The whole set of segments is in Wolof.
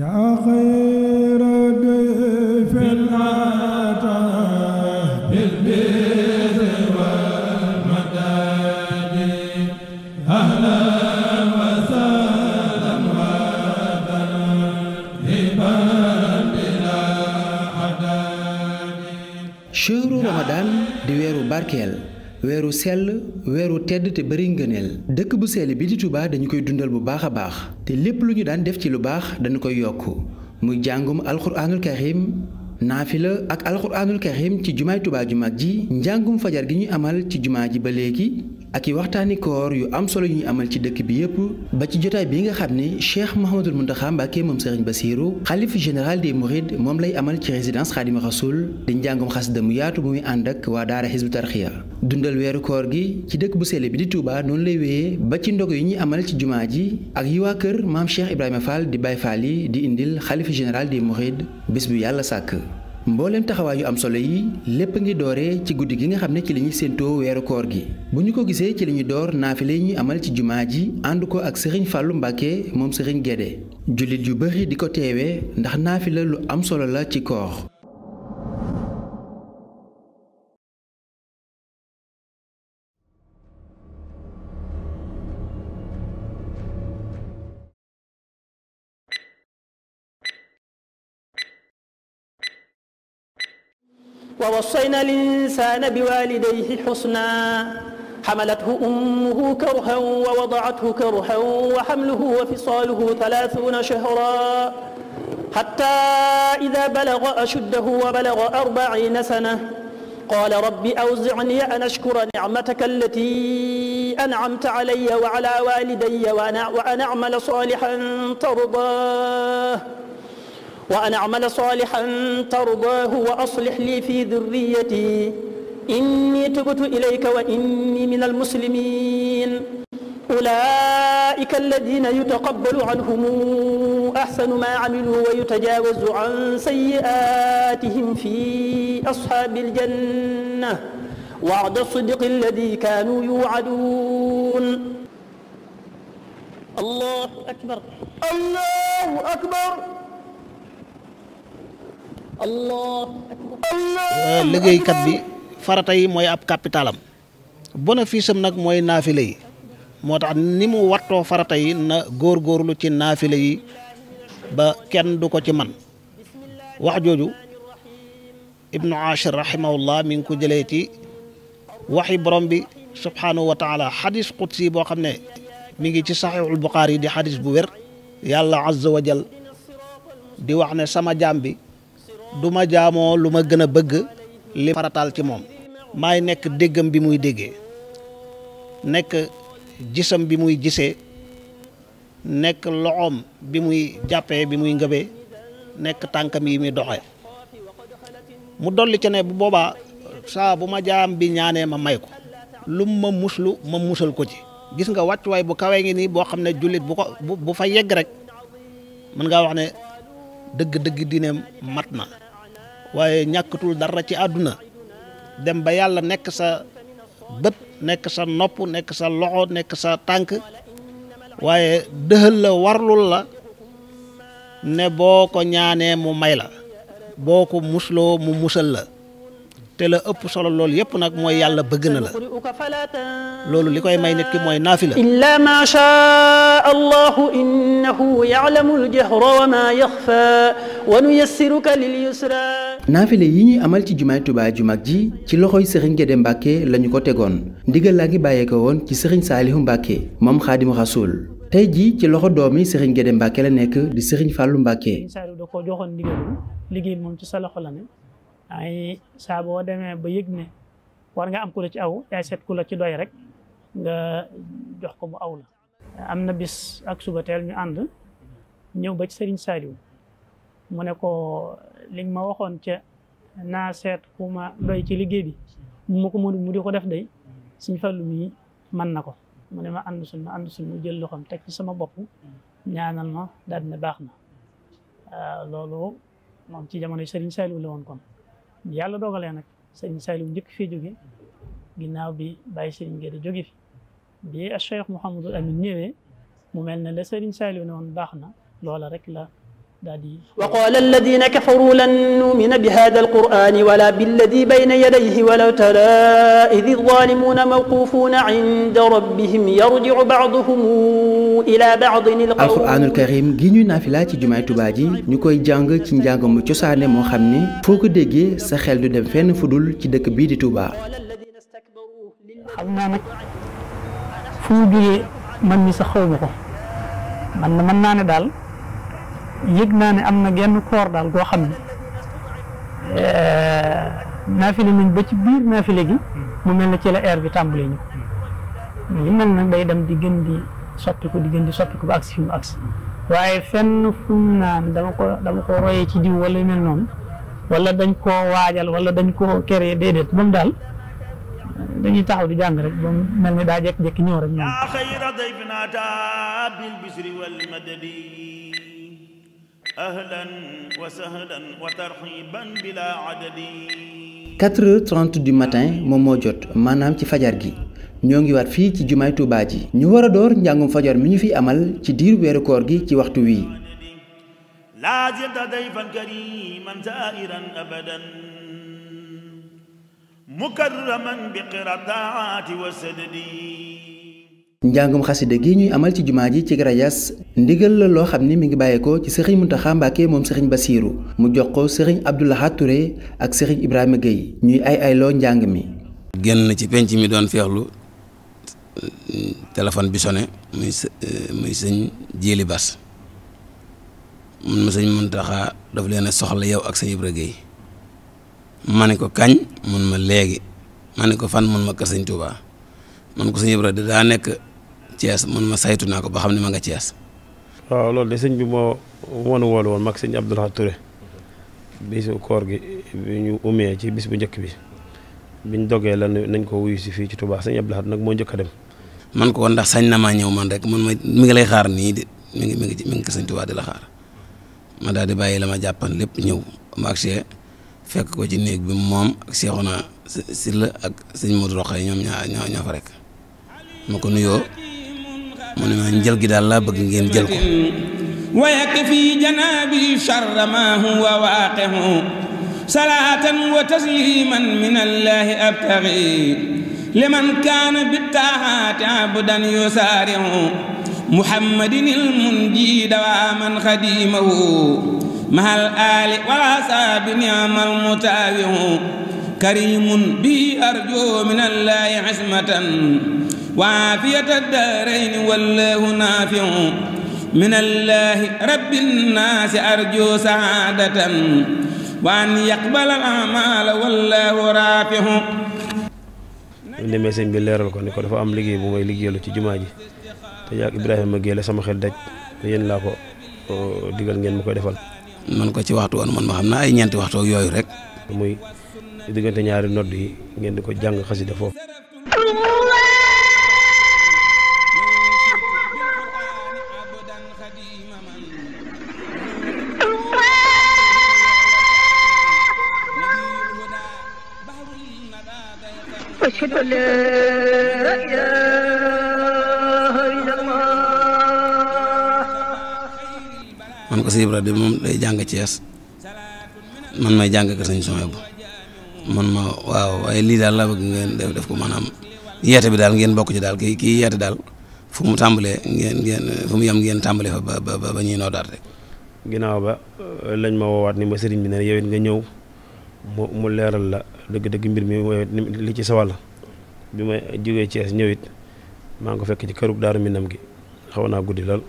yaa xayra dayfin ataa bil birri wal madaadi ahlan wa sahlan wa tarhiban bilaa di weeru barkeel weeru sell weeru tedd te bëri ngëneel dëkk bu sell bi di Touba dañu koy dundal bu baax a baax te lépp lu ñu daan def ci lu baax dañu koy yokk muy jàngum alxuraanul karim la ak alxuraanul karim ci jumaay Tuubaa ju mag ji njàngum fajar gi ñuy amal ci jumaa ji ba léegi ak i waxtaani koor yu am solo yu ñu amal ci dëkk bi yépp ba ci jotaay bi nga xam ne Cheikh Mouhamadul Mountakha Mbacké moom ba Bassirou xalif général des Mourides moom lay amal ci résidence Xaadimu Rasuul di njàngum xasida mu yaatu bu muy ànd ak waa daara Hizbut Tarqiyyah dundal weeru koor gi ci dëkk bu sele bi di Touba noonu lay wéyee ba ci ndog yi ñuy amal ci jumaa ji ak yi kër maam Cheikh di Baye Fall yi di indil xalif général des Mourides yàlla sàkk mbooleem taxawaay yu am solo yi lépp a ngi dooree ci guddi gi nga xam ne ci la ñuy séentoo weeru koor gi bu ñu ko gisee ci la ñuy door naafile yi ñuy amal ci jumaa ji ànd ko ak sëriñ Fàllu Mbàkke moom sëriñ Gédé jullit yu bëri di ko teewee ndax la lu am solo la ci koor wa wassayna linsaana biwaalidayhi xusna xamalathu ummuhu karhan wa wadaathu karhan wa xamluhu wa fisaaluhu talaatuuna shahran xattaa idaa balaga ashuddahu wa balaga arbaciina sana qaala rabbi awzicnii an ashkura nicmataka allatii ancamta calaya wa calaa waalidayya wa an acmala saalihan tardaahu وأن أعمل صالحا ترضاه وأصلح لي في ذريتي إني تبت إليك وإني من المسلمين أولئك الذين يتقبل عنهم أحسن ما عملوا ويتجاوز عن سيئاتهم في أصحاب الجنة وعد الصدق الذي كانوا يوعدون الله أكبر الله أكبر liggéeykat bi farata yi mooy ab capitalam bénéfice am nag mooy naafile yi moo tax ni mu wattoo farata yi na góorgóorlu ci naafile yi ba kenn du ko ci man wax jooju ibnu ashir rahimahullah mi ngi ko jëlee ci waxi borom bi subhaanahu wa taala xadis qudsi boo xam ne mi ngi ci saxiixul buxaari di xadis bu wér yàlla azza wa jal di wax ne sama jaam bi du ma jaamoo lu ma gën a bëgg li farataal ci moom maay nekk déggam bi muy déggee nekk jisam bi muy gisee nekk loxoom bi muy jàppee bi muy ngëbee nekk tànkam yi muy doxe mu dolli ca ne bu boobaa saa bu ma jaam bi ñaanee ma may ko lu ma muslu ma musal ko ci gis nga wàccuwaay bu kawee ngi nii boo xam ne jullit bu ko bu fa yegg rek mën ngaa wax ne dëgg-dëgg diineem mat na waaye ñàkkatul dara ci àdduna dem ba yàlla nekk sa bët nekk sa nopp nekk sa loxo nekk sa tànk waaye dëxal la warlul la ne boo ko ñaanee mu may la boo ko musloo mu musal la te la ëpp solo loolu yëpp nag mooy yàlla bëgg na la loolu li koy may nit ki mooy naafila illa ma shaa allahu innahu ya'lamu al-jahra wa ma yaxfa wa nuyassiruka lil yusra naafila yi ñuy amal ci jumaay Tuubaa ju mag ji ci loxoy sëriñ Gédé Mbàkke lañu ko tegoon ndigal laa ngi bàyyeeko woon ci sëriñ Saalihu Mbàkke moom Xaadimu Rasuul tey jii ci loxo doomi sëriñ Gédé Mbàkke la nekk di sëriñ Fàllu Mbàkke liggéey ay saa boo demee ba yëg ne war nga am ku la ci aw yaay seet ku la ci doy rek nga jox ko mu aw la. am na bis ak suba teel ñu ànd ñëw ba ci sëriñ Saliou mu ne ko liñ ma waxoon ca naa seet ku ma doy ci liggéey bi mu ko mu di ko def day suñ fàllu mi mën na ko. mu ne ma ànd suñ ma ànd suñ mu jël loxoom teg ci sama bopp ñaanal ma daal ne baax na loolu moom ci jamono Serigne Saliou la woon kon. yàlla dogalee nag sëñ Saliou njëkk fii jóge ginnaaw bi bàyyi sëriñ Guèye jóge fi bi Cheikh Mouhamadul Amin ñëwee mu mel ne la sëriñ Saliou ne woon baax na loola rek la daal di. wa qaala alladina kafaru lan nu'mina bi hada alqurani wala billadi bayna yadayhi walaw tara idi zalimuna mawqufuna inda rabbihim yarjiu ba'duhum alxuraanul karim gi ñuy naafila ci jumaay Tuubaa ji ñu koy jàng ci njàng mu cosaane moo xam ne foo ko déggee sa xel du dem fenn fudul ci dëkk bii di Tuubaa xam naa nag fu mu jógee man mi sax xawma ko man na mën naa ne daal yëg naa ne am na genn koor daal goo xam ne eh, naafile nañ ba ci biir naafile gi mu mel na ci la bi tàmbalee ñu li mel nag day dem di gën di soppi ko di gën di soppi ko ba agsi fi mu agsi waaye fenn fu mu naan dama ko dama ko royee ci diw wala mel noonu wala dañ koo waajal wala dañ koo kere déedéet moom daal dañuy taxaw di jàng rek ba mu mel ni daa jékki-jékki ñëw rek ñoom xayra dayfin ataa bil bisri wal madadi ahlan wa sahlan wa tarxiban bila adadi 4h30 du matin moom moo jot maanaam ci fajar gi ñoo ngi waat fii ci jumaay Touba ji ñu war a door njàngum fajar mi ñu fi amal ci diiru weeru koor gi ci waxtu wii laa njàngum xasida gi ñuy amal ci jumaa ji ci Grayas ndigal la loo xam ni mi ngi bàyyeekoo ci sëriñ Muntaxa Mbàkke moom sëriñ Basiiru mu jox ko sëriñ Abdou Lahad ak sëriñ Ibrahima Gueye ñuy ay ayloo njàng mi génn ci penc mi doon feexlu téléphone bi sone muy euh, muy sëñ Jéeli Bas mun ma sëñ Muntaxa daf leen soxla yow ak sëñ Ibra Guèye ma ne ko kañ mun ma léegi ma ne ko fan mun ma kër sëñ Touba man ko sëñ Ibra da daa nekk Thiès mun ma saytu naa ko ba xam ne ma nga Thiès. waaw loolu de sëñ bi moo won woolu woon mag sëñ Abdoulaye Touré bisu koor gi bi ñu umee ci bis bu njëkk bi. biñ dogee la nañ koo wuyu si fii ci Touba sëñ Abdou Lahad nag moo njëkk a dem. man ko woon ndax sañ na maa ñëw man rek man ma mi ngi lay xaar nii de mi ngi mi ngi mi ngi ko sëñ Touba la xaar ma daal di bàyyi la ma lépp ñëw ma accès fekk ko ci néeg bi moom ak si Sylla ak sëñ Modou Rokhaya ñoom ñaa ñoo ñoo rek ma ko nuyoo mu ne ma njël gi daal laa bëgg ngeen jël ko. ويكفي جنابي شر ما هو واقع salaatan wa tasliman min allaahi abtaxi liman kaana bittaahaati abdan yusaariu muhammadin ilmunji dawaaman xadiimahu mahal aali wal asaabi niamal mutaawiu karimun bi arjo min allaahi ismatan وعافية الدارين والله نافع من الله رب الناس أرجو سعادة wa an yaqbala al amala wallahu raafihu ñu demee sëñ bi leeral ko ni ko dafa am liggéey bu may liggéeyalu ci jumaa ji te yaag Ibrahima Géele sama xel daj te yéen laa ko digal ngeen ma koy defal man ko ci waxtu woon man ma xam naa ay ñeenti waxtu ak yooyu rek muy diggante ñaari nodd yi ngeen di ko jàng xasida foofu أشهد لا إله إلا الله man ko Sëñ de jàng Cees man may jàng ko Sëñ Suwaybu man ma waaw waaye lii daal laa bëgg ngeen def def ko maanaam yeete bi daal ngeen bokk ci daal kii kii yeete daal fu mu tàmbalee ngeen ngeen fu mu yem ngeen tàmbale fa ba ba ba ñuy noodaat rek. ginnaaw ba euh, lañ ma woowaat ni ma sëriñ bi na yow it nga ñëw mu leeral la dëgg-dëgg mbir mi li ci sa bi may jógee Thiès ñëw it maa ngi ko fekk ci kërug daaru Minam gi xaw naa guddi lool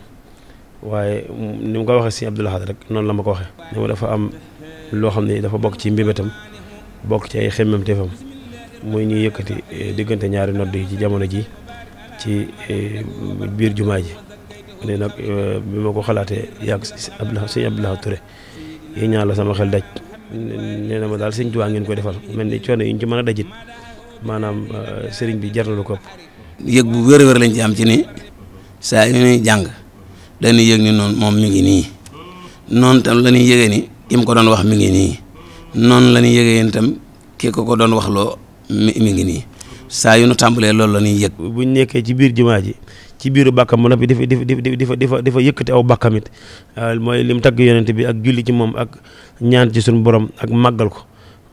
waaye ni mu koy waxee si Abdou Lahad rek noonu la ma ko waxee. ni ma dafa am loo xam ne dafa bokk ci mbébétam bokk ci ay xemmem teefam muy ñuy yëkkati eh, diggante ñaari nodd yi ci jamono ji ci eh, biir jumaa ji ne nag eh, bi ma ko xalaatee yàgg si Abdou sëñ Abdou Lahad Touré yi ñaan la sama xel daj nee na ma daal sëñ Tuubaa ngeen koy defal mel ni coono yi ñu ci mën a dajit maanaam euh, sëriñ bi jar ko ëpp yëg bu wér wér lañ ci am ci ni saa yu ñuy jàng dañuy yëg ni noonu moom mi ngi nii noonu tam la yëgee ni ki ko doon wax mi ngi nii noonu la ñuy yëgee ko doon wax loo mi ngi nii saa yu nu tàmbalee loolu la ñuy yëg. bu nekkee ci biir jumaa ji ci biiru bàkkam mu bi dafa dafa dafa dafa dafa yëkkati aw bàkkamit euh, mooy lim tagg yonent bi ak julli ci moom ak ñaan ci suñu borom ak màggal ko.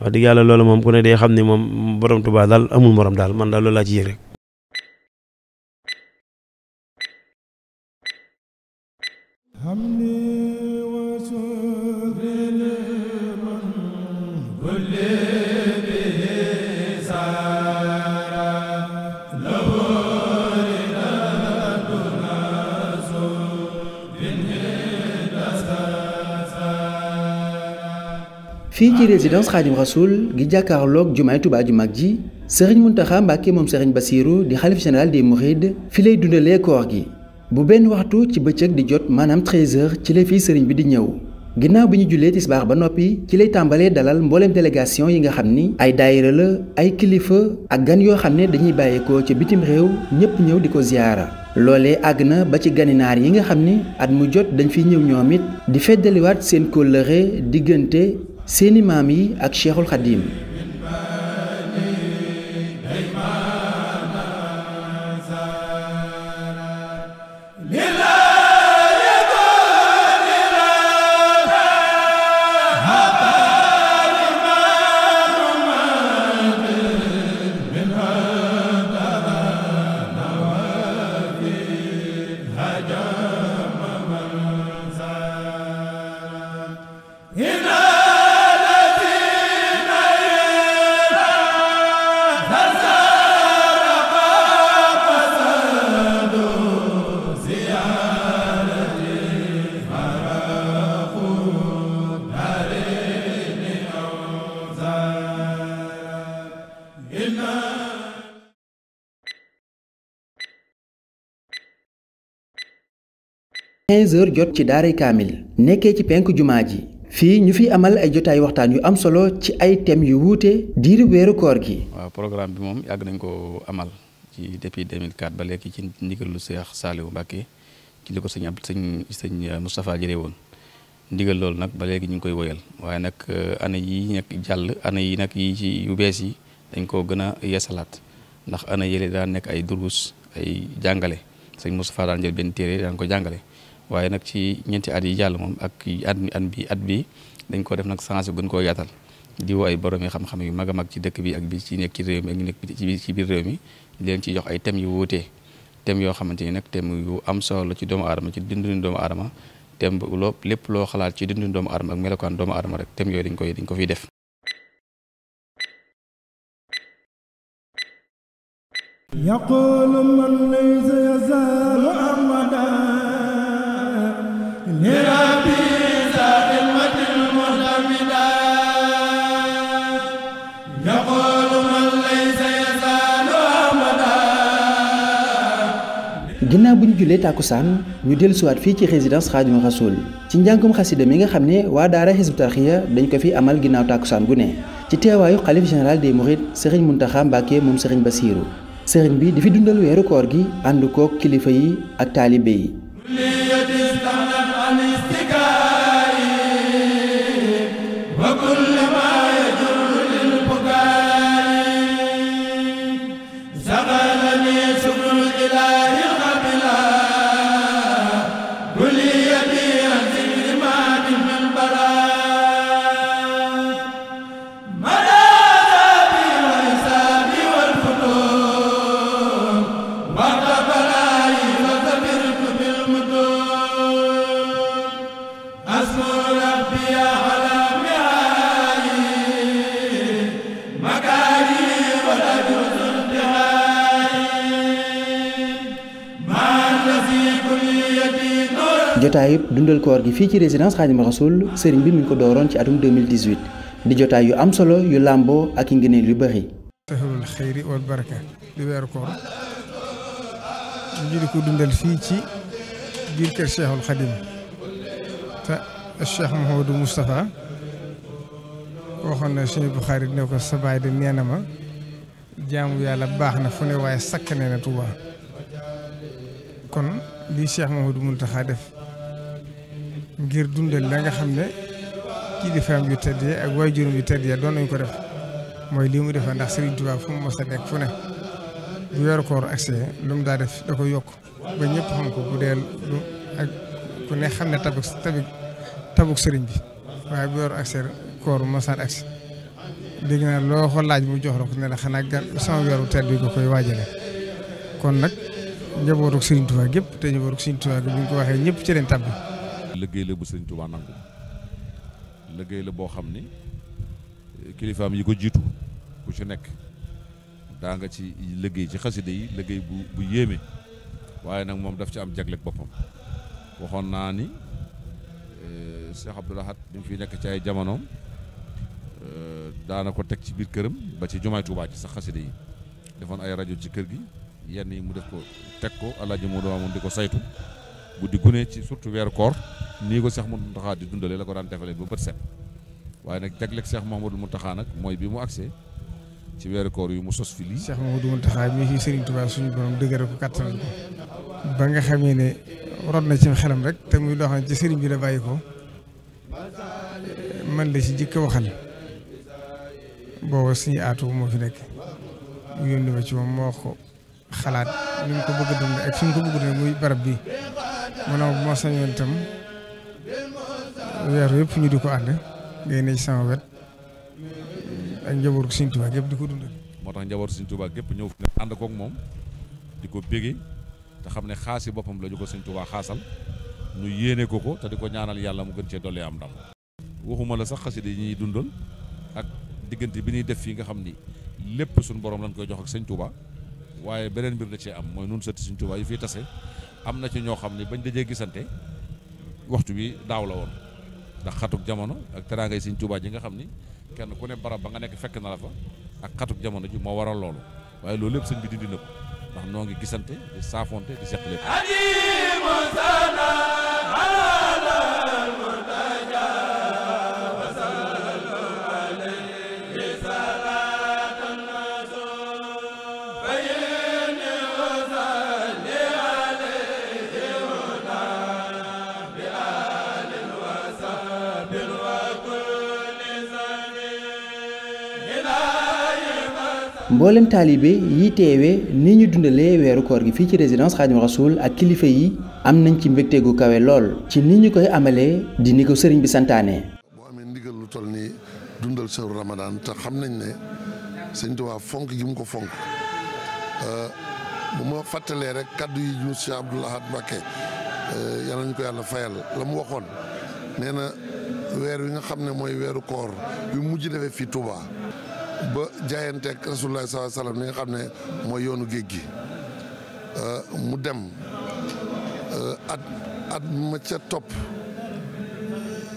wax dëgg yàlla loolu moom ku ne day moom borom Tuubaa daal amul morom daal man daal loolu ci yëg fii ci résidence Xaadim Rasoul gi jàkkaarloog jumaay Tuubaa ju mag ji sëriñ Muntaxa Mbàkke moom sëriñ Basiiru di xalif général des mourides fi lay dundalee koor gi bu benn waxtu ci bëccëg di jot maanaam 13h ci la fii sëriñ bi di ñëw ginnaaw bi ñu jullee tisbaar ba noppi ci lay tàmbalee dalal mbooleem délégation yi nga xam ni ay daayira la ay kilifa ak gan yoo xam ne dañuy bàyyeekoo ca bitim réew ñëpp ñëw di ko ziyaara loole àgg na ba ci ganinaar yi nga xam ni at mu jot dañ fiy ñëw ñoom it di feddaliwaat seen kóllëre diggante seeni maam yi ak Cheikhul Khadim 15 heures jot ci daaray kaamil nekkee ci penk jumaa ji fii ñu fi amal ay jotaay waxtaan yu am solo ci ay thèmes yu wuute diiru weeru koor gi. waaw programme bi moom yàgg nañ ko amal ci depuis 2004 ba léegi ci ndigal lu Seex Saaliwu Mbàkke ci li ko sëñ ab sëñ sëñ Moustapha jëlee woon ndigal loolu nag ba léegi ñu ngi koy woyal waaye nag euh, année yi nag jàll année yi nag yi ci yu bees yi dañ koo gën a yeesalaat ndax année yële daa nekk ay durus ay jàngale sëñ Moustapha daan jël téere daan ko jàngale. waaye nag ci ñeenti at yi jàll moom ak at at bi at bi dañ ko def nag changé gën koo yaatal di ay borom yi xam-xam yu mag a mag ci dëkk bi ak bi ci nekk ci réew mi ak ñu nekk ci biir réew mi di leen ci jox ay thèmes yu wuute thèmes yoo xamante ni nag thèmes yu am solo ci doomu aadama ci dunduñu doomu aadama thème loo lépp loo xalaat ci dunduñu doomu aadama ak melokaan doomu aadama rek thèmes yooyu dañ koy dañ ko fiy def. ginnaaw bu ñu jullee tàkkusaan ñu dellusiwaat fii ci résidence Xaadimu Rasuul ci njàngum xasida mi nga xam ne waa daara Hizbut Tarqiyyah dañ ko fi amal ginnaaw tàkkusaan gu ne ci teewaayu xalif général des mourides sëriñ Muntaxa Mbàkke moom sëriñ Basiiru sëriñ bi di fi dundal weeru koor gi ànd kook kilifa yi ak taalibe yi jotaayub dundal koor gi fii ci résidence Xaadimu Rasuul sëriñ bi mu ko dooroon ci atum 2018 di jotaay yu am solo yu làmboo ak i ngëneel yu bëri. sahrul xayri wal baraka di weeru ko dundal ci biir kër Cheikhul Xadim te Cheikh Mouhamadou Moustapha waxoon na suñu Buxaari ne ko sa baay de nee na ma jaamu yàlla baax na fu ne waaye sakk ne na Tuubaa kon lii Cheikh Mouhamadou Mountakha def ngir dundal la nga xam ne kilifaam yu tedd ya ak waajuram yu tedd ya doon nañ ko def mooy lii mu defee ndax Serigne Touba fu mu mos a nekk fu ne bu yor koor accès lu def da ko yokk ba ñëpp ko bu dee ak ku ne xam ne tabuk tabuk tabuk bi waaye yor accès koor mosaan accès dégg naa loo ko laaj mu jox la ko ne xanaa gan sama weeru tedd bi nga koy waajale kon nag njabootu Serigne Touba gépp te njabootu Serigne Touba bi ñu ko waxee ñëpp ci leen tàbbi. liggéey la bu sëriñ Touba nangu liggéey la boo xam ni eh, kilifaam yi ko jiitu ku ci nekk daa nga ci liggéey ci xaside yi liggéey bu bu yéeme waaye nag moom daf ci am jagle boppam waxoon naa ni eh, Cheikh Abdoul Ahad mu fi nekk ci ay jamonoom eh, daana ko teg ci biir këram ba ci jumaay Touba ci sax xaside yi defoon ay rajo ci kër gi yenn yi mu def ko teg ko alaaji moo doo amoon di ko saytu guddi gune ci surtout weeru koor nii ko mu Mountakha di dundalee la ko daan defalee ba bët set waaye nag jagleeg Cheikh Mouhamadou Mountakha nag mooy bi mu agsee ci weeru koor yu mu sos fi lii. Cheikh Mouhamadou Mountakha mi ci Serigne Touba suñu borom dëgëral ko kattanal ko ba nga xamee ne rod na ci xelam rek te muy loo xam ne ci Serigne bi la bàyyi ko man la ci jëkk waxal booba moo fi nekk mu yónni ci moom ko xalaat ni mu ko bëgg a ak fi mu ko bëgg a muy barab bi. mu ne ma sañoon itam weer yëpp ñu di ko ànd ngay ne sama wet ak njabootu Sëñ Tuubaa yëpp di ko dundal. moo tax njabootu Sëñ Tuubaa yëpp ñëw fi ànd koog moom di ko bége te xam ne xaasi boppam lañu ko Sëñ Tuubaa xaasal ñu yéene ko ko te di ko ñaanal yàlla mu gën cee dolli am ndam. waxuma la sax xasida yi ñuy dundal ak diggante bi ñuy def fii nga xam ni lépp suñu borom lañ koy jox ak Sëñ Tuubaa waaye beneen mbir da cee am mooy nun sëtti Sëñ Tuubaa yi fi tase. am na ci ñoo xam ne bañ dajee gisante waxtu bi daaw la woon ndax xatuk jamono ak teraangay siñ Tuubaa ji nga xam ni kenn ku ne barab ba nga nekk fekk na la fa ak xatuk jamono ji moo waral loolu waaye loolu lépp sëñ bi dindi na ko ndax noo ngi gisante di saafonte di seq lépp mboolem taalibe yi teewee ni ñu dundalee weeru koor gi fii ci résidence Xaadimu Rasuul ak kilifa yi am nañ ci mbégte gu kawe lool ci ni ñu koy amalee di ko sëriñ bi santaane. boo amee ndigal lu toll nii dundal sëru Ramadan te xam nañ ne sëñ Tuubaa fonk gi mu ko fonk bu ma fàttalee rek kàddu yi ñu si Abdoul Ahad Mbacké yàlla ñu ko yàlla fayal la mu waxoon nee na weer wi nga xam ne mooy weeru koor bi mujj defee fii Touba. ba jaayanteeg rasulullah sallallahu alayhi wasallam li nga xam ne mooy yoonu géej gi euh, mu dem euh, at at ma ca topp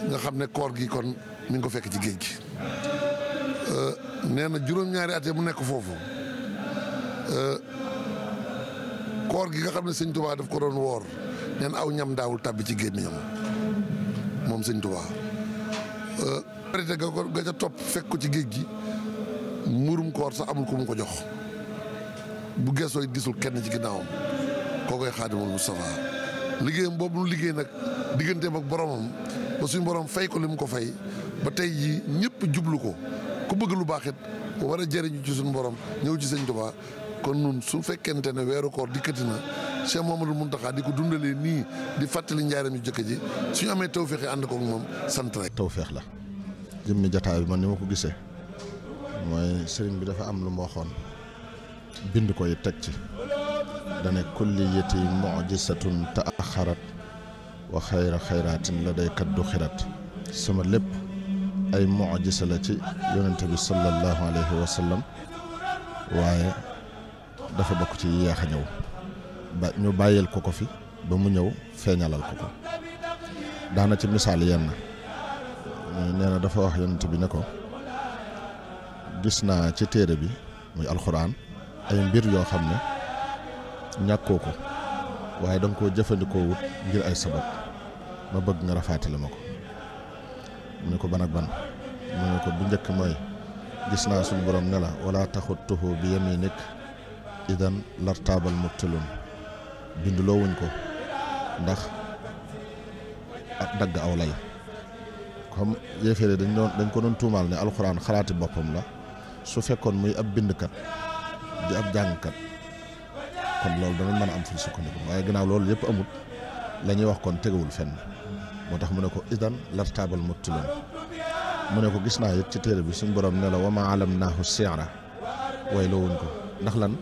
nga xam ne koor gi kon mi ngi ko fekk ci géej gi euh, nee na juróom-ñaari at mu nekk foofu koor gi nga xam ne sëñ Tuubaa daf ko doon woor neen aw ñam daawul tàbbi ci gémmiñam moom sëñ Tuubaa. parité ga ko ga ca topp fekk ko ci géej gi. murum koor sax amul ku mu ko jox bu geesoo it gisul kenn ci ginnaawam koo koy xaadimul Moustapha liggéeyam boobu nu liggéey nag digganteem ak boromam ba suñu borom fay ko li mu ko fay ba tey jii ñëpp jublu ko ku bëgg lu baax it war a jëriñu ci suñu borom ñëw ci sëñ Tuubaa kon nun su fekkente ne weeru koor dikkati na Cheikh Mouhamadou Mountakha di ko dundalee nii di fàttali njaaram yu jëkk ji suñu amee tawféex yi ànd koog moom sant rek. tawféex la jëmmi jotaay bi man ni ma ko gisee. mooy sëriñ bi dafa am lu mu waxoon bind ko yi teg ci dane kulliyati mujisatun taaxarat wa xayra xayraatin la day kaddu xirat sama lépp ay mujisa la ci yonente bi sallallahu alayhi wa waaye dafa bokk ci yeex a ñëw ba ñu bàyyil ko ko fi ba mu ñëw feeñalal ko ko daana ci misaal yenn nee na dafa wax yonente bi ne ko gis naa ci téere bi muy alxuraan ay mbir yoo xam ne ñàkkoo ko waaye danga koo jëfandikoo wut ngir ay sabab ma bëgg nga rafaatale ma ko mu ne ko ban ak ban mu ne ko bu njëkk mooy gis naa suñu borom ne la wala taxuttuhu bi yaminik idan lartaabal mubtilun binduloo wuñ ko ndax ak dagg aw lay comme yéeféere dañ doon dañ ko doon tuumaal ne alxuraan xalaati boppam la su fekkoon muy ab bindkat di ab jàngkat kon loolu dana mën a am fu sukkandiku waaye gannaaw loolu yëpp amut lañuy wax kon tegawul fenn moo tax mu ne ko idan lartaabal muttiloon mu ne ko gis naa it ci téere bi suñu borom ne la wa ma alam naahu siara way la woon ko ndax lan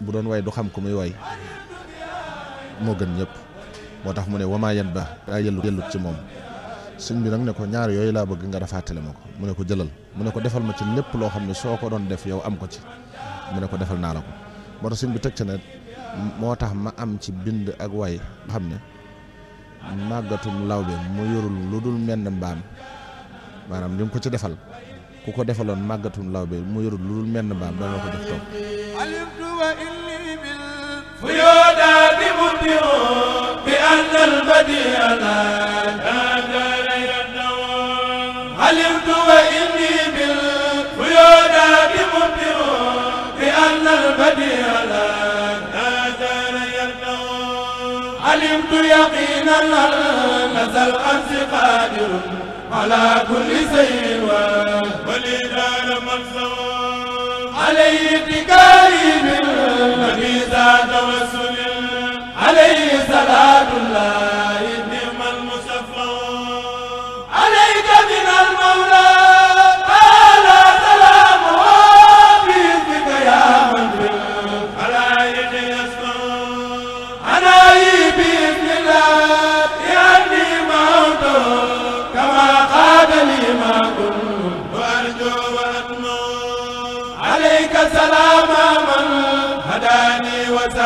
bu doon way du xam ko muy way moo gën ñëpp moo tax mu ne wa maa yan ba daa yëllut ci moom sëñ bi nag ne ko ñaar yooyu laa bëgg nga rafaatale ma ko mu ne ko jëlal mu ne ko defal ma ci lépp loo xam ne soo ko doon def yow am ko ci mu ne ko defal naa la ko moo tax sëñ bi teg ca ne moo tax ma am ci bind ak way xam ne màggatum lawbe mu yorul lu dul menn mbaam maanaam li ko ci defal ku ko defaloon màggatum lawbe mu yorul lu menn mbaam ko def toog di mu bi àndal ba di علمت يقينا نزل أمس قادر على كل شيء ولدان منصور عليه بكريم الذي زاد وسلم عليه صلاة الله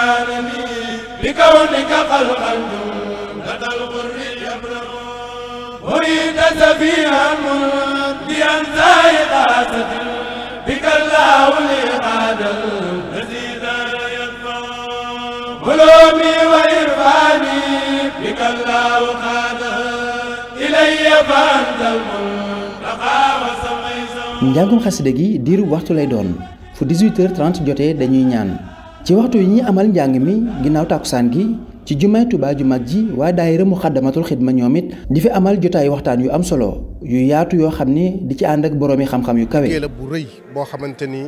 العالمين بكونك خلقا جملة الغر يبلغ أريد سفيها ملقيا زائقة بك الله لي قاد الذي لا يدفع علومي وإرفاني بك الله قاد إلي فأنت المنتقى وسميزا njàngum xasida gi diiru waxtu lay doon fu 18h30 jotee dañuy ñaan ci waxtu yi ñu amal njàng mi ginnaaw tàkkusaan gi ci jumaay Tuubaa ju mag ji waa daayira mu xaddamatul xidma ñoom it di fi amal jotaayu waxtaan yu am solo yu yaatu yoo xam ni di ci ànd ak boroomi xam-xam yu kawe. la bu rëy boo xamante ni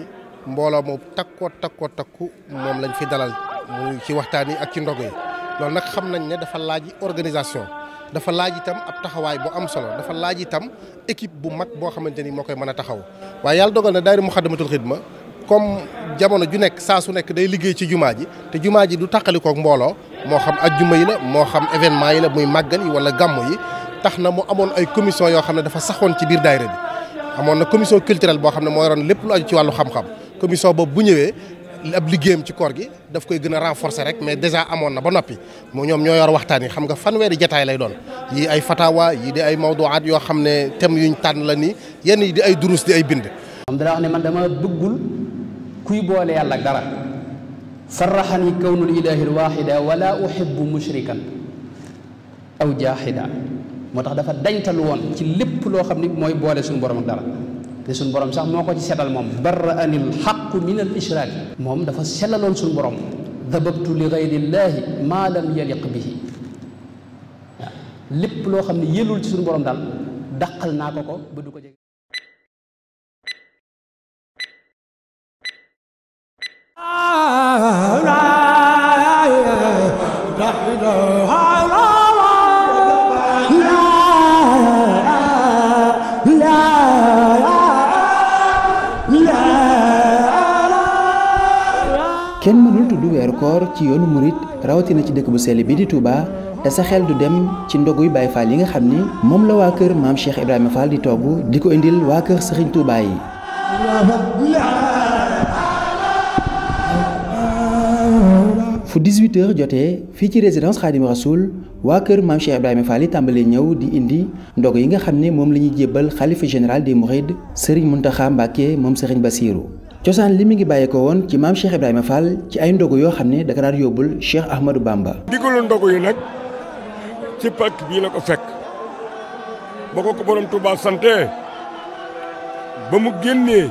mbooloo moom takkoo takkoo takku moom lañ fi dalal muy ci waxtaan yi ak ci ndogo yi loolu nag xam nañ ne dafa laaj organisation. dafa laaj itam ab taxawaay bu am solo dafa laaj itam équipe bu mag boo xamante ni moo koy mën a taxaw waaye yàlla dogal na daayira Muxaddamatul Xidma comme jamono ju nekk saa su nekk day liggéey ci jumaa ji te jumaa ji du tàqalikook mbooloo moo xam ajjuma yi la moo xam événement yi la muy màggal yi wala gàmmu yi tax na mu amoon ay commission yoo xam ne dafa saxoon ci biir daayira bi amoon na commission culturelle boo xam ne moo yoroon lépp lu aju ci wàllu xam-xam commission boobu ñëwee ab liggéeyam ci koor gi daf koy gën a renforcer rek mais déjà amoon na ba noppi moo ñoom ñoo yor waxtaan yi xam nga fanweeri jataay lay doon yi ay fatawa yi di ay mawduwaat yoo xam ne thème yuñ tànn la nii yenn yi di ay durus di ay bind. moom dana wax ne man dama kuy boole yàlla ak dara farraxani kawnul ilaahi alwaxida wala uhibbu mushrikan aw jaaxida moo tax dafa dañtal woon ci lépp loo xam ni mooy boole suñu borom ak dara te suñu borom sax moo ko ci setal moom barraani alxaqu min al ishraak moom dafa selaloon suñu borom dababtu li gayrillaahi maa lam yaliq bihi lépp loo xam ne yëlul ci suñu borom daal dàqal naa ko ko ba du ko jege kenn mënul tudd weeru koor ci yoonu murit rawatina ci dëkk bu sell bi di Touba te sa xel du dem ci ndoguy Baye Fall yi nga xam ni moom la waa kër maam Cheikh Ibrahima Fall di togg di ko indil waa kër Serigne Touba yi. fu 18h jotee fii ci résidence Khadim Rasoul waa kër maam Cheikh Ibrahima Fall yi tàmbalee ñëw di indi ndog yi nga xam ne moom la ñuy jébbal xalifa général des Mourides Serigne Mountakha Mbacké moom ba Bassirou cosaan li mi ngi bàyyee ko woon ci maam Cheikh Ibrahima Fall ci ay ndogu yoo xam ne daka daan yóbbul Cheikh Ahmadou Bamba. digalu ndogu yi nag ci pàkk bii la ko fekk ba ko ko borom Touba santé ba mu génnee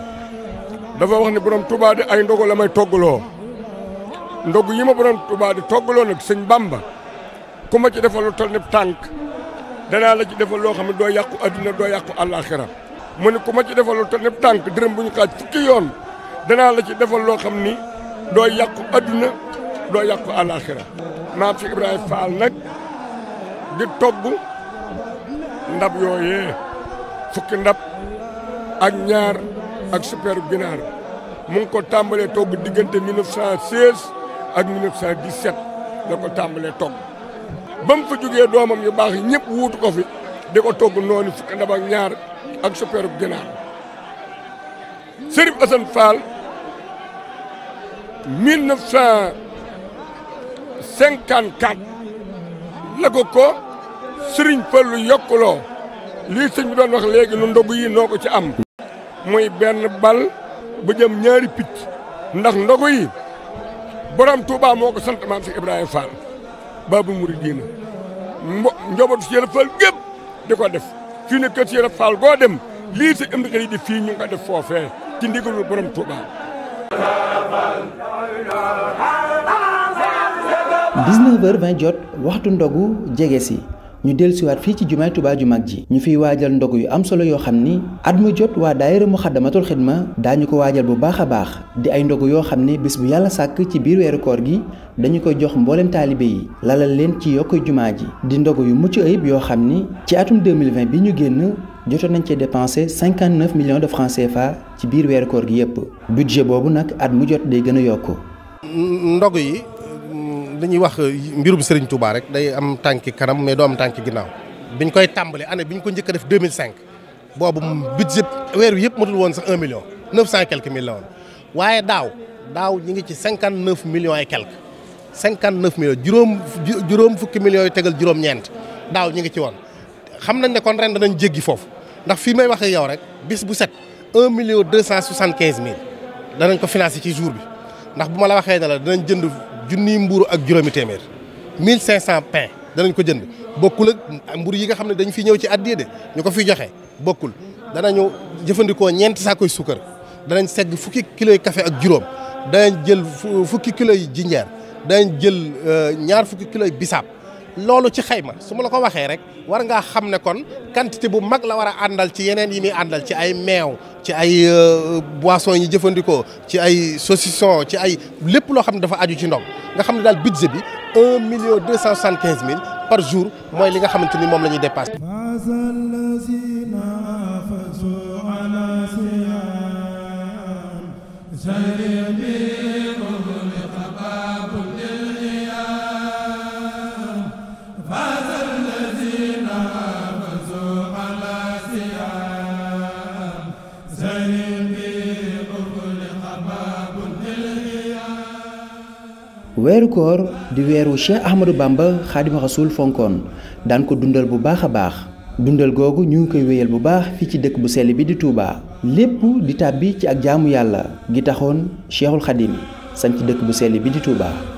dafa wax ne borom Touba de ndog yi ma borom Tuubaa di toggaloo nag sëñ Bamba ku ma ci defal lu toll ni tànk danaa la ci defal loo xam ne doo yàqu adduna doo yàqu àllaaxira mu ne ku ma ci defal lu toll ni tànk dërëm bu ñu xaaj fukki yoon danaa la ci defal loo xam ni doo yàqu adduna doo yàqu àllaaxira maam fi Ibrahima Fall nag di togg ndab yooyee fukki ndab ak ñaar ak super ginaar mu ngi ko tàmbalee togg diggante 1916 ak 1917 la ko tàmbalee togg ba mu fa doomam yu baax yi ñëpp wuutu ko fi di ko togg noonu fukki ndab ak ñaar ak suppeeru ginaar Serigne Assane Fall 1954 la ko ko Serigne Fallu yokkuloo lii sëñ bi doon wax léegi nu ndogu noo ko ci am muy benn bal bu jëm ñaari picc ndax ndogu borom Touba moo ko sant maam si Ibrahima Fall Babu Mouridina mbo njabootu si yële Fall gépp di ko def fii ne kër si yële Fall goo dem lii si ëmb xëy di fii ñu def foofee ci ndigalul borom Touba. 19 h jot waxtu ndogu jege si. ñu dellusiwaat fii ci jumaay Tuubaa ju mag ji ñu fiy waajal ndog yu am solo yoo xam ni at mu jot waa daayira Muxaddamatul Xidma daañu ko waajal bu baax a baax di ay ndog yoo xam ne bis bu yàlla sàkk ci biir weeru koor gi dañu koy jox mbooleem taalibe yi lalal leen ci yokkoy jumaa ji di ndog yu mucc ayib yoo xam ni ci atum 2020 bi ñu génn jotoon nañ cee dépensé 59 millions de francs CFA ci biir weeru koor gi yépp budget boobu nag at mu jot day gën a yokk ndog dañuy wax euh, mbirum Serigne Touba rek day am tànki kanam mais doo am tànki ginnaaw biñ koy tàmbali année bi ñu ko njëkk a def 2005 boobu budget weer wi yëpp matul woon sax 1 million 900 quelque mille la woon waaye daaw daaw ñi ngi ci 59 millions et quelque 59 millions juróom juróom fukki million yu tegal juróom-ñeent daaw ñi ngi ci woon. xam nañ ne kon ren danañ jéggi foofu ndax fii may waxee yow rek bis bu set 1 million 275 mille danañ ko financé ci jour bi ndax bu ma la waxee ne danañ jënd. junniy mbuuru ak juróomi téeméer 1500 pain danañ ko jënd bokkul ak mburu yi nga xam ne dañ fi ñëw ci addiya de ñu ko fi joxe bokkul ñëw jëfandikoo ñeenti saakoy sukkar danañ segg fukki kiloy café ak juróom danañ jël fukki kiloy jinjeer danañ jël euh, ñaar fukki kiloy bisaab loolu ci xayma su ma la ko waxee rek war ngaa xam ne kon quantité bu mag la war a àndal ci yeneen yi muy àndal ci ay meew ci ay euh, boisson yi ñu jëfandikoo ci ay saucisson ci ay lépp loo xam ne dafa aju ci ndox nga xam ne daal budget bi un million cent soixante mille par jour mooy li nga xamante ni moom la ñuy dépassé. Sëriñ bi weeru koor di weeru Cheikh Ahmadou Bamba Xaadimu Rasuul fonkoon daan ko dundal bu baax a baax dundal googu ñu ngi koy wéyal bu baax fii ci dëkk bu sell bi di Touba. lépp di tàbbi ci ak jaamu yàlla gi taxoon Cheikhul Xadim sañ ci dëkk bu sell bi di Touba.